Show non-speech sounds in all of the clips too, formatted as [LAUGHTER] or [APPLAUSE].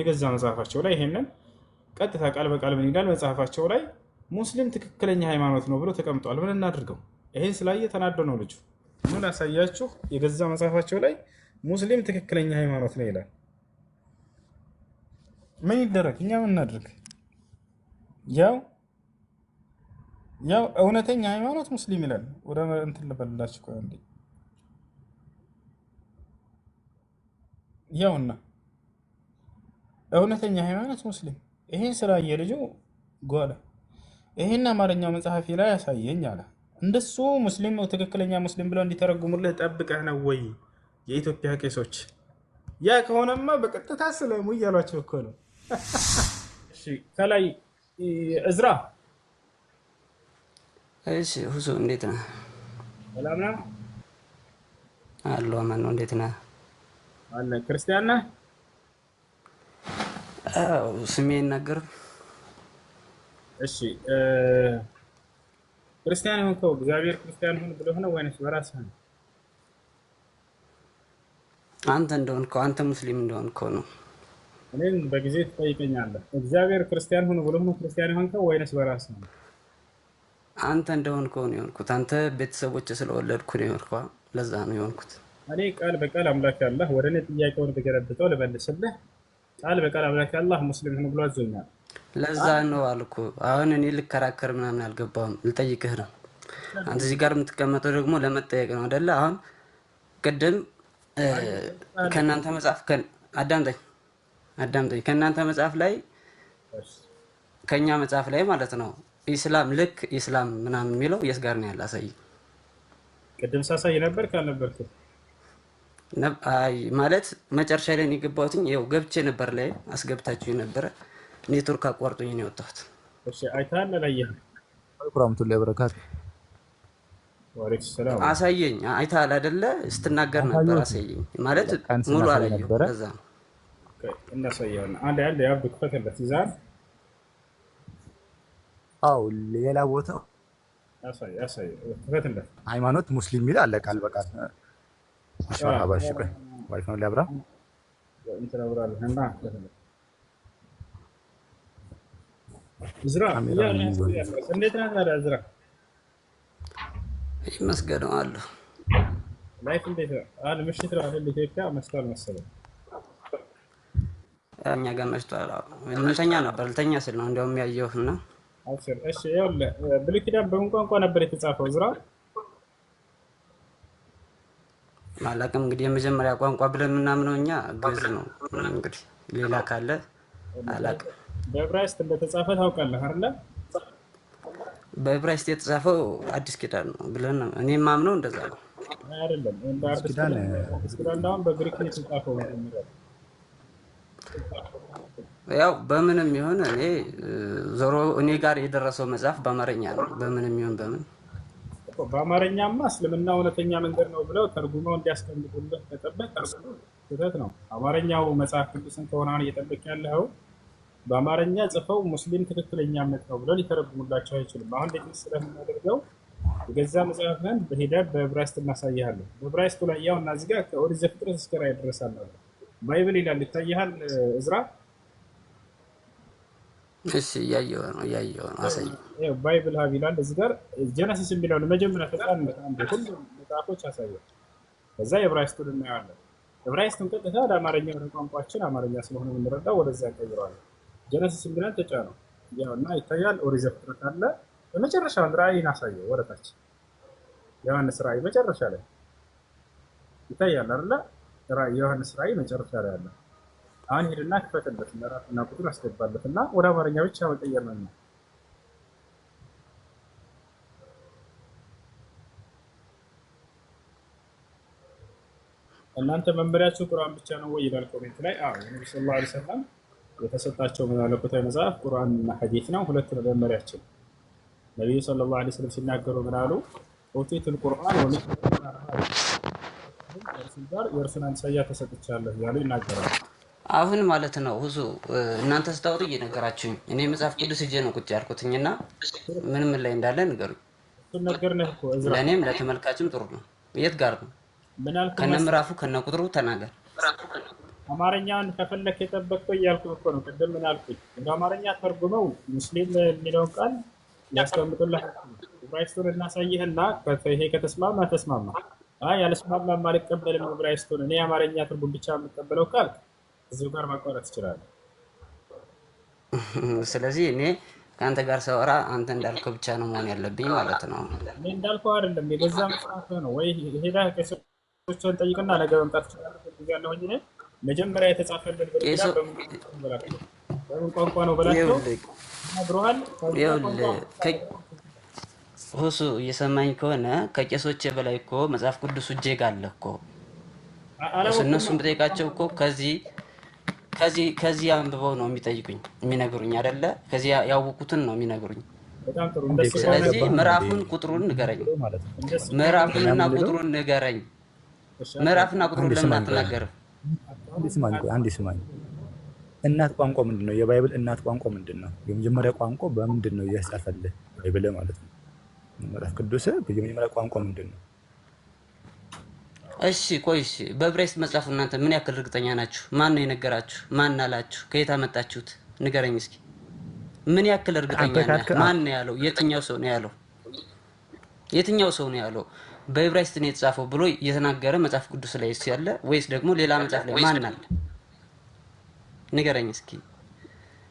የገዛ መጽሐፋቸው ላይ ይሄንን ቀጥታ ቃል በቃል ምን ይላል መጽሐፋቸው ላይ ሙስሊም ትክክለኛ ሃይማኖት ነው ብሎ ተቀምጧል። ምን እናድርገው? ይሄን ስላየ ተናዶ ነው ልጁ። ምን አሳያችሁ? የገዛ መጽሐፋቸው ላይ ሙስሊም ትክክለኛ ሃይማኖት ነው ይላል። ምን ይደረግ? እኛ ምን እናድርግ? ያው ያው እውነተኛ ሃይማኖት ሙስሊም ይላል። ወደ እንትን ልበልላችሁ ያውና እውነተኛ ሃይማኖት ሙስሊም ይህን ስላየ ልጁ ጎለ። ይህን አማርኛው መጽሐፊ ላይ ያሳየኝ አለ። እንደሱ ሙስሊም ነው ትክክለኛ ሙስሊም ብለው እንዲተረጉሙልህ ጠብቀህ ነው ወይ? የኢትዮጵያ ቄሶች ያ ከሆነማ በቀጥታ ስለሙ እያሏቸው እኮ ነው። ከላይ እዝራ እሺ፣ ሁሱ እንዴት ነህ? ሰላም ነህ? አሎ ማን ነው? እንዴት ነህ? አለ ክርስቲያን ነህ? ስሜ ይናገር። እሺ ክርስቲያን የሆንከው እግዚአብሔር ክርስቲያን ሁን ብሎ ነው ወይስ በራስህ ነው? አንተ እንደሆንከው አንተ ሙስሊም እንደሆንከው ነው። እኔም በጊዜ ትጠይቀኛለህ። እግዚአብሔር ክርስቲያን ሁን ብሎ ነው ክርስቲያን የሆንከው ወይስ በራስህ ነው? አንተ እንደሆንከው ነው የሆንኩት። አንተ ቤተሰቦች ስለወለድኩ ነው የሆንኩ። ለዛ ነው የሆንኩት። እኔ ቃል በቃል አምላክ ያለህ ወደ እኔ ጥያቄውን ብገለብጠው ልመልስልህ ቃል በቃል አምላክ አላህ ሙስሊም ነው ብሎ አዘኛል። ለዛ ነው አልኩ። አሁን እኔ ልከራከር ምናምን አልገባሁም፣ ልጠይቅህ ነው። አንተ እዚህ ጋር የምትቀመጠው ደግሞ ለመጠየቅ ነው አደለ? አሁን ቅድም ከእናንተ መጽሐፍ አዳምጠኝ አዳምጠኝ ከእናንተ መጽሐፍ ላይ ከእኛ መጽሐፍ ላይ ማለት ነው ኢስላም ልክ ኢስላም ምናምን የሚለው የስ ጋር ነው ያለ? አሳይ። ቅድም ሳሳይ ነበር ካልነበርክ ማለት መጨረሻ ላይ ነው ው ገብቼ ነበር ላይ አስገብታችሁ ነበረ ኔትወርክ አቋርጦኝ ነው የወጣሁት። አሳየኝ አይተሃል አይደለ? ስትናገር ነበር አሳየኝ። ማለት ሙሉ አላየሁም። ከዛ ነው እናሳየዋለን። አዎ ሌላ ቦታ ሃይማኖት ሙስሊም ሚል አለ ቃል በቃል መርሀባ ቆይ ባሪክ ነው ሊያብራ ይመስገነው አሉ ላይፍ እንዴት ምሽት እኛ ጋር መሽቷል። ልተኛ ነበር ልተኛ ስል ነው እንዲያውም ያየሁት እና እሺ፣ ብሉይ ኪዳን በምን ቋንቋ ነበር የተጻፈው? ዝራ። ማላቅም እንግዲህ የመጀመሪያ ቋንቋ ብለን የምናምነው እኛ ግዕዝ ነው። እንግዲህ ሌላ ካለ አላቅም። በዕብራይስጥ እንደተጻፈ ታውቃለህ አለ በዕብራይስጥ የተጻፈው አዲስ ኪዳን ነው ብለን ነው እኔ የማምነው እንደዛ ነው። ያው በምንም ይሁን እኔ ዞሮ እኔ ጋር የደረሰው መጽሐፍ በአማርኛ ነው። በምንም ይሁን በምን በአማርኛማ እስልምና እውነተኛ መንገድ ነው ብለው ተርጉመው እንዲያስቀምጡልህ ከጠበቅ ስህተት ነው። አማርኛው መጽሐፍ ቅዱስን ከሆነ አሁን እየጠበቅ ያለው በአማርኛ ጽፈው ሙስሊም ትክክለኛ እምነት ነው ብለው ሊተረጉሙላቸው አይችልም። አሁን ለዚህ ስለምናደርገው የገዛ መጽሐፍን በሂደት በዕብራይስጥ እናሳይሃለን። በዕብራይስጡ ላይ ያው እና እዚህ ጋር ከኦሪት ዘፍጥረት እስከ ራዕይ ይደረሳል። ባይብል ይላል ይታይሃል፣ እዝራ እሺ እያየሁ ነው እያየሁ ነው። አሳይ ባይብል ሀብ ይላል እዚህ ጋር ጀነሲስ የሚለውን መጀመሪያ ተጻን ሁሉም መጽሐፎች ያሳያል። ከዛ የብራይስቱን እናየዋለን። የብራይስቱን ቀጥታ ወደ አማርኛ ወደ ቋንቋችን አማርኛ ስለሆነ የምንረዳው ወደዚያ እንቀይረዋለን። ጀነሲስ የሚለን ተጫነው ያው እና ይታያል። ኦሪት ዘፍጥረት አለ። በመጨረሻውን ራእይን አሳየው ወደታች ዮሐንስ ራእይ መጨረሻ ላይ ይታያል አይደለ? ራእይ ዮሐንስ ራእይ መጨረሻ ላይ አለ አሁን ሄድና ክፈትለት ምዕራፍና ቁጥር አስገባለት እና ወደ አማርኛ ብቻ መቀየር ነው። እናንተ መመሪያችሁ ቁርአን ብቻ ነው ወይ ይላል ኮሜንት ላይ። አዎ ነብዩ ሰለላሁ ዐለይሂ ወሰለም የተሰጣቸው መለኮታዊ መጽሐፍ ቁርአን ቁርአንና ሐዲስ ነው። ሁለት ነው መመሪያቸው። ነብዩ ሰለላሁ ዐለይሂ ወሰለም ሲናገሩ ምን አሉ? ኦቲቱል ቁርአን ወሚስሉሁ ማዕሁ የእርሱን አንሳያ ተሰጥቻለሁ ያሉ ይናገራሉ። አሁን ማለት ነው ሁሱ እናንተ ስታወጡ እየነገራችሁኝ እኔ መጽሐፍ ቅዱስ እጄ ነው ቁጭ ያልኩትኝና ምን ምን ላይ እንዳለ ንገሩኝ። ለእኔም ለተመልካችም ጥሩ ነው። የት ጋር ነው? ከነ ምዕራፉ ከነ ቁጥሩ ተናገር። አማርኛውን ከፈለክ የጠበቅከው እያልኩ እኮ ነው። ቅድም ምን አልኩኝ? እንደ አማርኛ ተርጉመው ሙስሊም የሚለውን ቃል ሊያስቀምጡልህ ዕብራይስጡን እናሳይህና ይሄ ከተስማማ ተስማማ፣ ያለስማማ አልቀበልም ዕብራይስጡን እኔ የአማርኛ ትርጉም ብቻ የምቀበለው ቃል እዚሁ ጋር ማቋረጥ ትችላለህ። [LAUGHS] ስለዚህ እኔ ከአንተ ጋር ሰወራ አንተ እንዳልከው ብቻ ነው መሆን ያለብኝ ማለት ነው። እኔ እንዳልከው አይደለም፣ የገዛ መጽሐፍ ነው ወይ ሄዳ ቄሶችን ጠይቅና ነገ መምጣት ትችላለህ። መጀመሪያ የተጻፈልን በምን ቋንቋ ነው በላቸው ብሮሃል። ሁሱ እየሰማኝ ከሆነ ከቄሶች በላይ እኮ መጽሐፍ ቅዱስ እጄ ጋር አለ እኮ እነሱን ብጠይቃቸው እኮ ከዚህ ከዚህ ከዚህ አንብበው ነው የሚጠይቁኝ የሚነግሩኝ አደለ ከዚህ ያወቁትን ነው የሚነግሩኝ። ስለዚህ ምዕራፉን ቁጥሩን ንገረኝ፣ ምዕራፍንና ቁጥሩን ንገረኝ። ምዕራፍና ቁጥሩን ለምን አትናገርም? አንዴ ስማኝ። እናት ቋንቋ ምንድን ነው? የባይብል እናት ቋንቋ ምንድን ነው? የመጀመሪያ ቋንቋ በምንድን ነው እያስጻፈልህ ባይብል ማለት ነው? መጽሐፍ ቅዱስ የመጀመሪያ ቋንቋ ምንድን ነው? እሺ ቆይ እሺ፣ በብሬስት መጽሐፍ እናንተ ምን ያክል እርግጠኛ ናችሁ? ማን ነው የነገራችሁ? ማን አላችሁ? ከየት አመጣችሁት? ንገረኝ እስኪ። ምን ያክል እርግጠኛ ማን ነው ያለው? የትኛው ሰው ነው ያለው? የትኛው ሰው ነው ያለው በዕብራይስጥ ነው የተጻፈው ብሎ የተናገረ መጽሐፍ ቅዱስ ላይ ያለ ወይስ ደግሞ ሌላ መጽሐፍ ላይ ማን አለ? ንገረኝ እስኪ።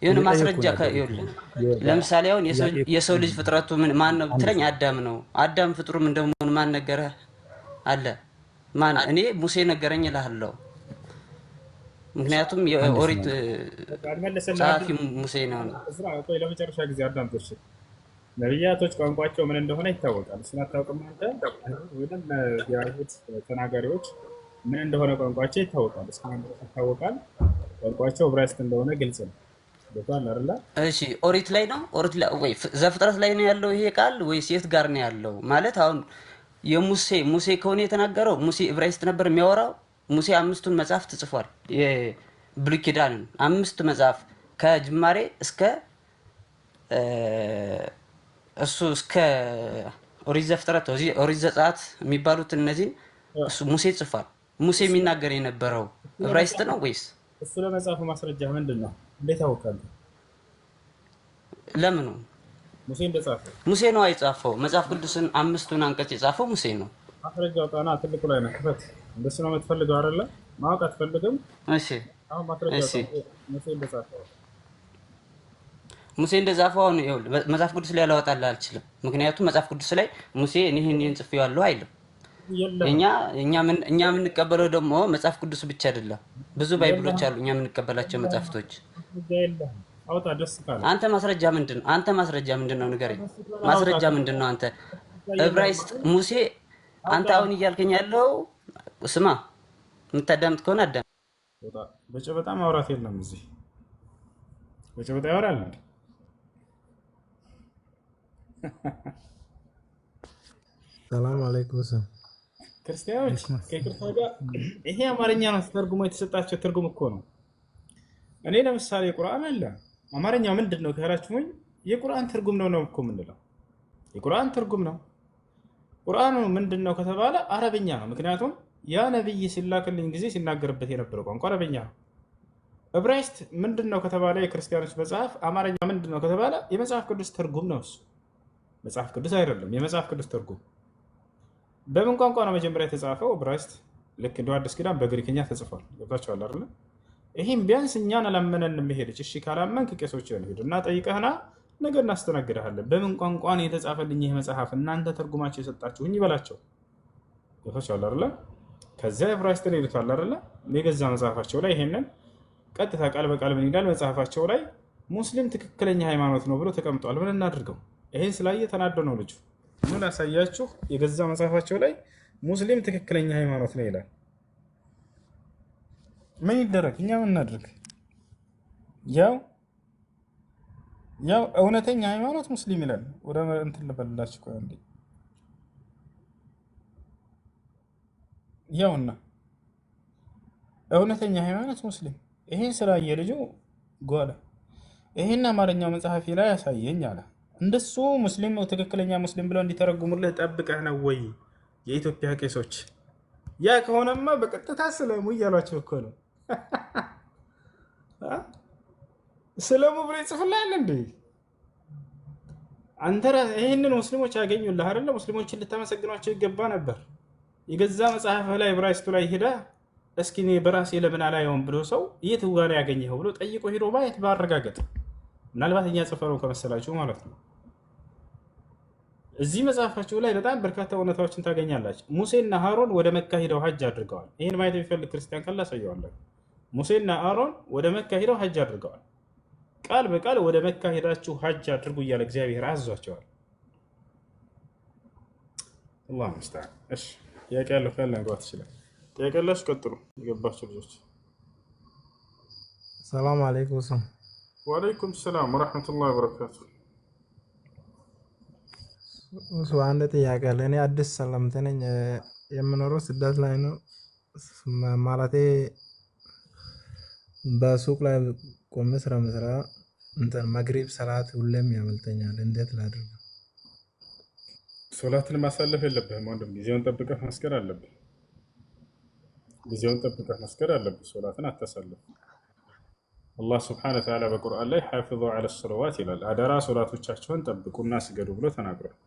የሆነ ማስረጃ ይኸውልህ። ለምሳሌ አሁን የሰው ልጅ ፍጥረቱ ማን ነው ትለኝ አዳም ነው። አዳም ፍጡሩም እንደመሆኑ ማን ነገረ አለ ማን እኔ ሙሴ ነገረኝ እልሃለሁ። ምክንያቱም የኦሪት ጸሐፊ ሙሴ ነው። ለመጨረሻ ጊዜ አዳምጦች ነቢያቶች ቋንቋቸው ምን እንደሆነ ይታወቃል። እሱን አታውቅም አንተ። ወይም የአይሁድ ተናጋሪዎች ምን እንደሆነ ቋንቋቸው ይታወቃል። እስካሁን ድረስ ይታወቃል። ቋንቋቸው ዕብራይስጥ እንደሆነ ግልጽ ነው። እሺ ኦሪት ላይ ነው። ኦሪት ላይ ወይ ዘፍጥረት ላይ ነው ያለው ይሄ ቃል ወይስ የት ጋር ነው ያለው? ማለት አሁን የሙሴ ሙሴ ከሆነ የተናገረው ሙሴ ዕብራይስጥ ነበር የሚያወራው። ሙሴ አምስቱን መጽሐፍ ትጽፏል። ብሉይ ኪዳንን አምስቱ መጽሐፍ ከጅማሬ እስከ እሱ እስከ ኦሪት ዘፍጥረት፣ ኦሪት ዘጸአት የሚባሉት እነዚህን እሱ ሙሴ ጽፏል። ሙሴ የሚናገር የነበረው ዕብራይስጥ ነው ወይስ እሱ? ለመጽሐፉ ማስረጃ ምንድን ነው? እንዴት ያወቃሉ? ለምኑ ሙሴ እንደጻፈው ሙሴ ነው አይጻፈው። መጽሐፍ ቅዱስን አምስቱን አንቀጽ የጻፈው ሙሴ ነው። ማስረጃው ጣና ትልቁ ላይ ነው። ክፈት። እንደሱ ነው የምትፈልገው አይደለ? ማወቅ አትፈልግም? እሺ፣ አሁን ማስረጃው ሙሴ እንደጻፈው ሙሴ እንደጻፈው አሁን ይኸውልህ፣ መጽሐፍ ቅዱስ ላይ ያላወጣልህ አልችልም። ምክንያቱም መጽሐፍ ቅዱስ ላይ ሙሴ ይህን ይህን ጽፌዋለሁ አይልም። እኛ እኛ የምንቀበለው ደግሞ መጽሐፍ ቅዱስ ብቻ አይደለም፣ ብዙ ባይብሎች አሉ እኛ የምንቀበላቸው መጽሐፍቶች ደስ ካለ አንተ ማስረጃ ምንድን ነው? አንተ ማስረጃ ምንድን ነው? ንገረኝ። ማስረጃ ምንድን ነው? አንተ እብራይስጥ ሙሴ፣ አንተ አሁን እያልከኝ ያለው ስማ፣ የምታዳምጥ ከሆነ አዳም በጨበጣ ማውራት የለም እዚህ በጨበጣ ያወራል። ሰላም አለይኩም ሰላም ክርስቲያኖች ከይቅርታ ጋር ይሄ አማርኛ ነው ተተርጉሞ የተሰጣቸው ትርጉም እኮ ነው። እኔ ለምሳሌ ቁርአን አለ አማርኛው ምንድን ነው ካላችሁኝ የቁርአን ትርጉም ነው ነው እኮ የምንለው የቁርአን ትርጉም ነው። ቁርአኑ ምንድን ነው ከተባለ አረብኛ ነው። ምክንያቱም ያ ነቢይ ሲላክልኝ ጊዜ ሲናገርበት የነበረው ቋንቋ አረብኛ ነው። ዕብራይስጥ ምንድን ነው ከተባለ የክርስቲያኖች መጽሐፍ፣ አማርኛ ምንድን ነው ከተባለ የመጽሐፍ ቅዱስ ትርጉም ነው። እሱ መጽሐፍ ቅዱስ አይደለም፣ የመጽሐፍ ቅዱስ ትርጉም። በምን ቋንቋ ነው መጀመሪያ የተጻፈው? እብራይስት ልክ እንደ አዲስ ኪዳን በግሪክኛ ተጽፏል። ገብታችኋል አይደለም? ይህም ቢያንስ እኛን አላመነን መሄደች። እሺ ካላመንክ ቄሶችን ሂድ እና ጠይቀህና ነገር እናስተናግድሃለን። በምን ቋንቋን የተጻፈልኝ ይህ መጽሐፍ እናንተ ተርጉማችሁ የሰጣችሁኝ ይበላቸው። ገብቶቻል አይደለ? ከዚያ ኤብራይስጥን ይሉታል አይደለ? የገዛ መጽሐፋቸው ላይ ይሄንን ቀጥታ ቃል በቃል ምን ይላል መጽሐፋቸው ላይ ሙስሊም ትክክለኛ ሃይማኖት ነው ብሎ ተቀምጧል። ምን እናድርገው? ይሄን ስላየ ተናዶ ነው ልጁ። ምን አሳያችሁ? የገዛ መጽሐፋቸው ላይ ሙስሊም ትክክለኛ ሃይማኖት ነው ይላል። ምን ይደረግ? እኛ ምን እናድርግ? ያው ያው እውነተኛ ሃይማኖት ሙስሊም ይላል። ወደ እንትን ልበልላችሁ ቆይ አንዴ። ያውና እውነተኛ ሃይማኖት ሙስሊም ይሄን ስላየ ልጁ ጓለ ይሄን አማርኛው መጽሐፊ ላይ ያሳየኝ አለ። እንደሱ ሙስሊም ነው ትክክለኛ ሙስሊም ብለው እንዲተረጉሙለት ጠብቀህ ነው ወይ የኢትዮጵያ ቄሶች? ያ ከሆነማ በቀጥታ ስለሙ እያሏቸው እኮ ነው። [LAUGHS] ስለሙ ብሎ ይጽፍላል እንዴ? አንተ ይህንን ሙስሊሞች ያገኙልህ አይደለ? ሙስሊሞችን ልታመሰግኗቸው ይገባ ነበር። የገዛ መጽሐፍ ላይ ብራይስቱ ላይ ሄዳ እስኪ እኔ በራሴ ለምን አላየውም ብሎ ሰው የት ጋር ያገኘኸው ብሎ ጠይቆ ሄዶ ማየት ባረጋገጥ ምናልባት እኛ ጽፈነው ከመሰላችሁ ማለት ነው። እዚህ መጽሐፋችሁ ላይ በጣም በርካታ እውነታዎችን ታገኛላችሁ። ሙሴና ሀሮን ወደ መካ ሄደው ሀጅ አድርገዋል። ይህን ማየት የሚፈልግ ክርስቲያን ካለ አሳየዋለሁ። ሙሴና አሮን ወደ መካ ሄደው ሀጅ አድርገዋል። ቃል በቃል ወደ መካ ሄዳችሁ ሀጅ አድርጉ እያለ እግዚአብሔር አዟቸዋል። አላህ ሙስተዓን። እሺ ጥያቄ ያለው ካለ መግባት ይችላል። ጥያቄ ያላችሁ ቀጥሉ። የገባችሁ ልጆች ሰላም አለይኩም። ወአለይኩም ሰላም ወረሕመቱላሂ ወበረካቱ። እሱ አንድ ጥያቄ አለ። እኔ አዲስ ሰለምቴ የምኖረው ስደት ላይ ነው ማለቴ በሱቅ ላይ ቆመ ስራ መስራ እንትን መግሪብ ሰላት ሁሌም ያመልጠኛል። እንዴት ላድርግ? ሶላትን ማሳለፍ የለብህም ወንድም። ጊዜውን ጠብቀህ መስገድ አለብህ። ጊዜውን ጠብቀህ መስገድ አለብህ። ሶላትን አታሳልፍ። አላህ ስብሐነ ወተዓላ በቁርአን ላይ ሐፊዙ ዐለ ሰለዋት ይላል። አደራ ሶላቶቻቸውን ጠብቁና ስገዱ ብሎ ተናግሯል።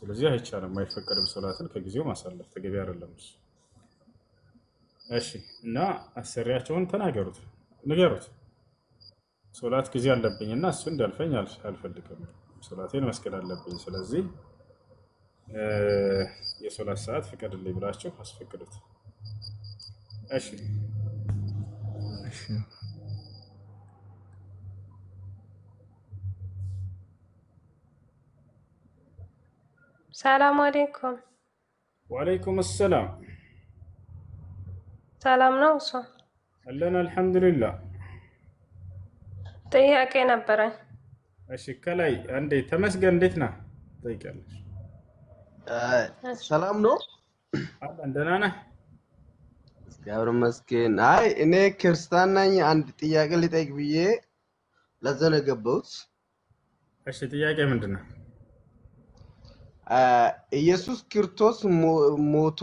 ስለዚህ አይቻልም፣ አይፈቀድም። ሶላትን ከጊዜው ማሳለፍ ተገቢ አይደለም። እሺ እና አሰሪያቸውን ተናገሩት፣ ንገሩት ሶላት ጊዜ አለብኝ እና እሱ እንዳልፈኝ አልፈልግም። ሶላቴን መስገድ አለብኝ። ስለዚህ የሶላት ሰዓት ፍቀድልኝ ብላችሁ አስፈቅዱት። እሺ ሰላም አሌይኩም። ወአሌይኩም ሰላም ሰላም ነው እሱ አለን አልሐምዱሊላህ። ጥያቄ ነበረኝ። እሺ ከላይ አንዴ ተመስገን፣ እንዴት ነህ ትጠይቂያለሽ። ሰላም ነው አለን፣ ደህና ነህ? እግዚአብሔር ይመስገን። አይ እኔ ክርስቲያን ነኝ፣ አንድ ጥያቄ ልጠይቅ ብዬ ለዘነ ነው እሺ ጥያቄ ምንድን ነው? ኢየሱስ ክርስቶስ ሞቶ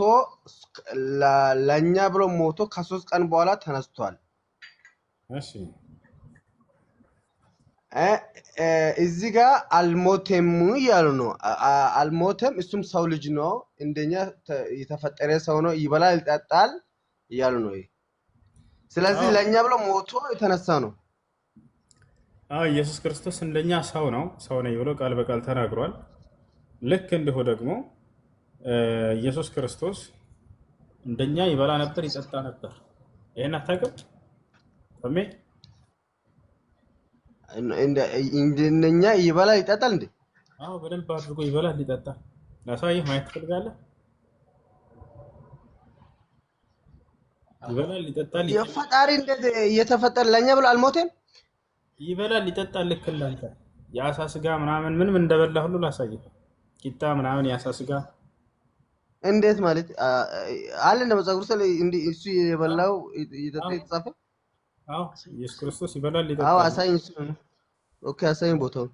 ለእኛ ብሎ ሞቶ ከሶስት ቀን በኋላ ተነስቷል። እዚህ ጋር አልሞቴም እያሉ ነው። አልሞቴም እሱም ሰው ልጅ ነው፣ እንደኛ የተፈጠረ ሰው ነው፣ ይበላል፣ ይጠጣል እያሉ ነው። ስለዚህ ለእኛ ብሎ ሞቶ የተነሳ ነው። አዎ ኢየሱስ ክርስቶስ እንደኛ ሰው ነው፣ ሰው ነኝ ብሎ ቃል በቃል ተናግሯል። ልክ እንዲሁ ደግሞ ኢየሱስ ክርስቶስ እንደኛ ይበላ ነበር፣ ይጠጣ ነበር። ይሄን አታውቅም? ሜ እንደኛ ይበላ ይጠጣል እንዴ? አዎ፣ በደንብ አድርጎ ይበላል፣ ይጠጣል። ላሳይህ፣ ማየት ትፈልጋለህ? ይበላል፣ ይጠጣል። የፈጣሪ እንደ እየተፈጠረ ለኛ ብሎ አልሞቴም። ይበላል፣ ይጠጣል። ልክ እንዳንተ የአሳ ስጋ ምናምን ምንም እንደበላ ሁሉ ላሳይህ ቂጣ ምናምን ያሳ ስጋ እንዴት ማለት አለ እንደ መጽሐፍ ቅዱስ ላይ እንዲህ እሱ የበላው የጠጣ የተጻፈ? አዎ ኢየሱስ ክርስቶስ ይበላል ይጠጣል። አዎ አሳይኝ። እሱ ኦኬ፣ አሳይኝ ቦታው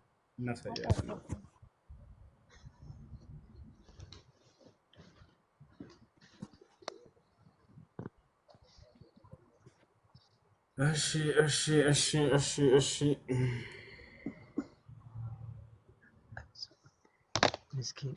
እሺ እሺ እሺ እሺ እሺ she.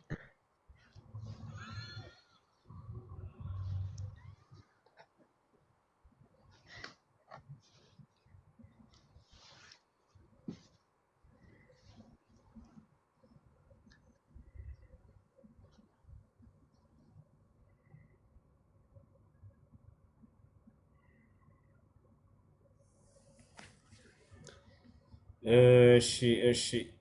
Uh, she.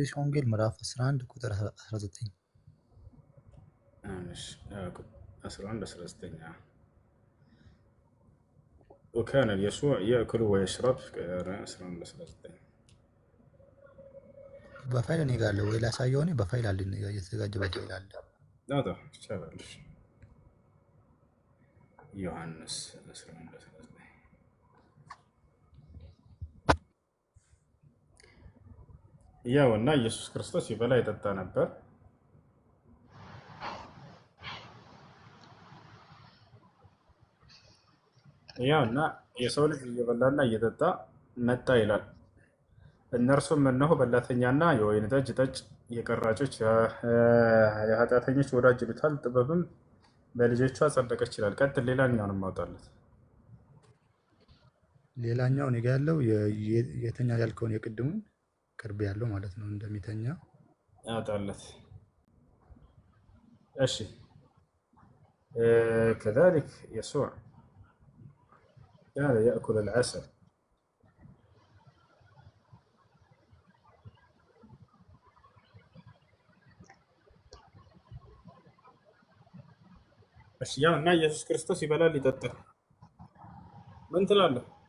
የማቴዎስ ወንጌል ምዕራፍ 11 ቁጥር 19 ወካነ የሱዕ የእክሉ ወየሽረብ በፋይል እኔ ጋር አለ ወይ ላሳየው? እኔ በፋይል አለ የተዘጋጀ በፋይል አለ። ዮሐንስ ያው እና ኢየሱስ ክርስቶስ ይበላ ይጠጣ ነበር። ያው እና የሰው ልጅ እየበላና እየጠጣ መጣ ይላል። እነርሱም እነሆ በላተኛና የወይን ጠጅ ጠጭ፣ የቀራጮች የኃጢአተኞች ወዳጅ ይሉታል፣ ጥበብም በልጆቿ ጸደቀች ይላል። ቀጥል፣ ሌላኛውን ማውጣለት። ሌላኛው እኔ ጋ ያለው የተኛ ያልከውን የቅድሙን كربي على لهم على تنون دمي تانية أنا تعلث أشي كذلك يسوع كان يأكل العسل أشياء ما يسوع كريستوس يبلا لي تتر من تلاله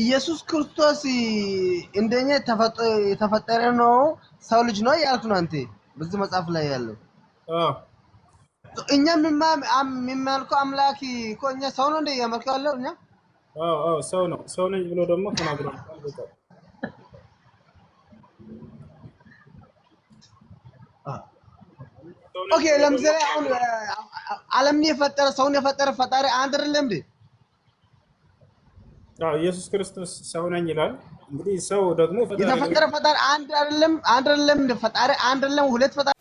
ኢየሱስ ክርስቶስ እንደኛ የተፈጠረ ነው፣ ሰው ልጅ ነው ያልክ ነው አንተ በዚህ መጽሐፍ ላይ ያለው። እኛ የሚመልከው አምላክ እኮ እኛ ሰው ነው እንደ እያመልከው ያለው እኛ ሰው ነው ሰው ነኝ ብሎ ደግሞ ተናግሯል። ኦኬ ለምሳሌ አሁን ዓለምን የፈጠረ ሰውን የፈጠረ ፈጣሪ አንድ አይደለም እንዴ? አዎ ኢየሱስ ክርስቶስ ሰው ነኝ ይላል። እንግዲህ ሰው ደግሞ የተፈጠረ ፈጣሪ አንድ አይደለም፣ አንድ አይደለም። ፈጣሪ አንድ አይደለም፣ ሁለት ፈጣሪ